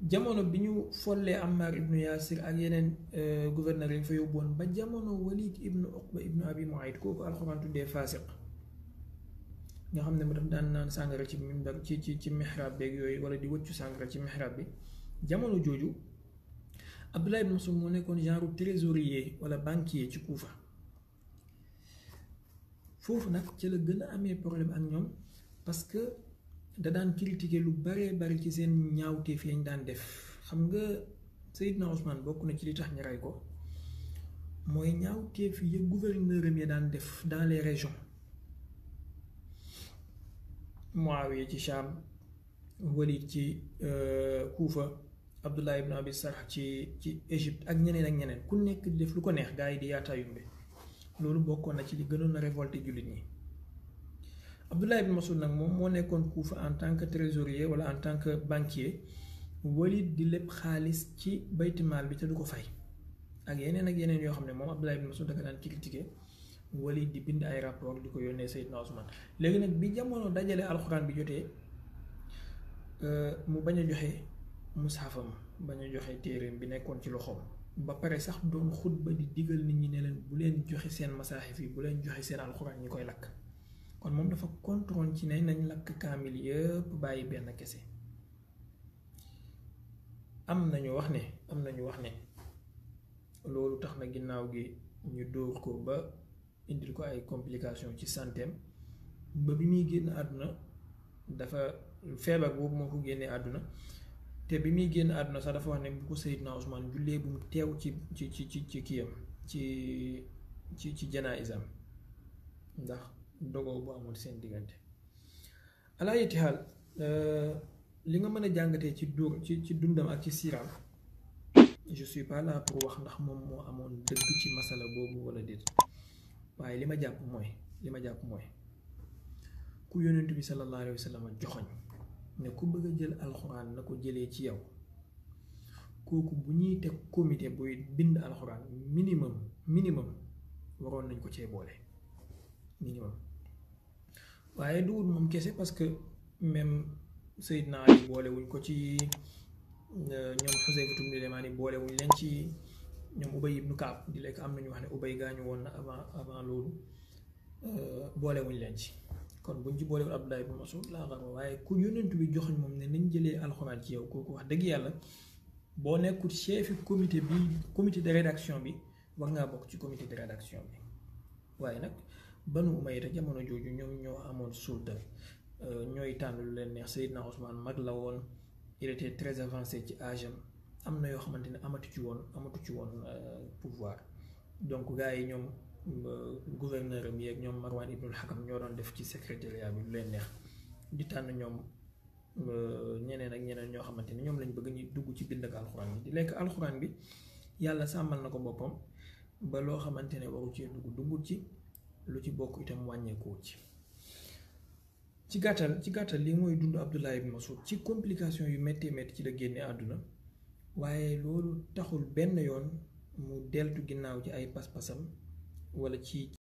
jamono bi ñu follee Ammar ibnu Yaasir ak yeneen euh, gouverneur yi fa yóbboon ba jamono Walid ibnu Uqba ibnu Abi Muayt kooku alxuraan tuddee faasiq nga xam ne mu daf daan naan sàngara ci minbar ci ci ci mihrab beeg yooyu wala di wëccu sàngara ci mihrab bi jamono jooju Abdullah ibnu Mas'ud moo nekkoon genre trésorier wala banquier ci Kuufa foofu nag ci la gën a amee problème ak ñoom parce da daan critiquer lu bare bari ci seen ñaaw ñaawteef yañ daan def xam nga Seydina Ousmane bokk na ci li tax ñu ko mooy ñaaw ya gouverneur am ya daan def dans les régions Muawiya ci Cham Walid ci euh, Kuufa Abdullah ibn Abi Sarh ci ci Égypte ak ñeneen ak ñeneen ku nekk di def lu ko neex gaa yi di yaatayumbe loolu bokkoon na ci li gënoon na révolté jullit ñi Abdullah ibn Mas'ud nag moom moo nekkoon Kufa en tant que trésorier wala en tant que banquier Walid di lépp xaalis ci baytimaal bi te du ko fay ak yeneen ak yeneen yoo xam ne moom Abdullah ibn Mas'ud da ko daan critiquer Walid di bind ay rapport di ko yónnee Seydina Ousmane léegi nag bi jamono dajale alxuraan bi jotee euh, mu bañ a joxe mushafam bañ a joxe téereem bi nekkoon ci loxoom ba pare sax doon xutba di digal nit ñi ne leen bu leen joxe seen masaahif yi bu leen joxe seen alxuraan ñi koy lakk kon moom dafa contrôle ci ne nañ lakk kaamil yëpp bàyyi benn kese am nañu wax ne am nañu wax ne loolu tax na ginnaaw gi ñu dóor ko ba indil ko ay complication ci santeem ba bi muy génn àdduna dafa feebar boobu moo ko génnee àdduna te bi muy génn àdduna sax dafa wax ne bu ko Seydina Ousmane jullee bu mu teew ci ci ci ci kiyam ci ci ci janaayisam ndax dogoo bu amoon seen diggante ala yiti euh, li nga mën a jàngatee ci duur ci ci dundam ak ci siiraam je suis pour wax ndax moom moo amoon dëgg ci masala boobu wala de waaye li ma jàpp mooy li ma jàpp mooy ku yonent bi sallallahu alayhi wa joxoñ ne ku bëgg a jël alxuraan na ko jëlee ci yow kooku bu ñuy teg comité buy bind alxuraan minimum minimum waroon nañ ko cee boole minimum waaye duwul moom kese parce que même Seydina Ali boolewuñ ko ci euh, ñoom Xusayfatu ibnu Yamaan yi boole leen ci ñoom Ubay ibnu Kaab di lekk am na ñu wax ne Ubay gaañu woon na avant avant loolu euh, boole wuñ leen ci kon buñ ci boolewul Abdullah ma Mas'ud laa xam waaye ku yonent bi joxuñ moom ne nañ jëlee alxuraan ci yow kooku wax dëgg yàlla boo nekkul chefi comité bi comité de rédaction bi war ngaa bokk ci comité de rédaction bi waaye nag banu umayya jamono jooju ñoom ñoo amoon sulta euh, ñooy tànn lu leen neex Seydina Ousmane mag la woon il était avancé ci âge am am na yoo xamante ne amatu ci woon amatu ci woon euh, pouvoir donc gars yi ñoom euh, gouverneur am yeeg ñoom Marwan Ibnul Hakam ñoo doon def ci secrétariat bi lu leen neex di tànn ñoom ñeneen ak ñeneen ñoo xamante ne ñoom lañ bëgg ñu dugg ci bind ak alxuraan bi di lekk alxuraan bi yàlla sàmmal na ko boppam ba loo xamante ne waru ci dugg duggul ci lu ci bokk itam wàññeekoo ci ci gàttal ci gàttal li mooy dund Abdullah bu Mas'ud ci complication yu métti mett ci la génne àdduna waaye loolu taxul benn yoon mu deltu ginnaaw ci ay paspasam pasam wala ci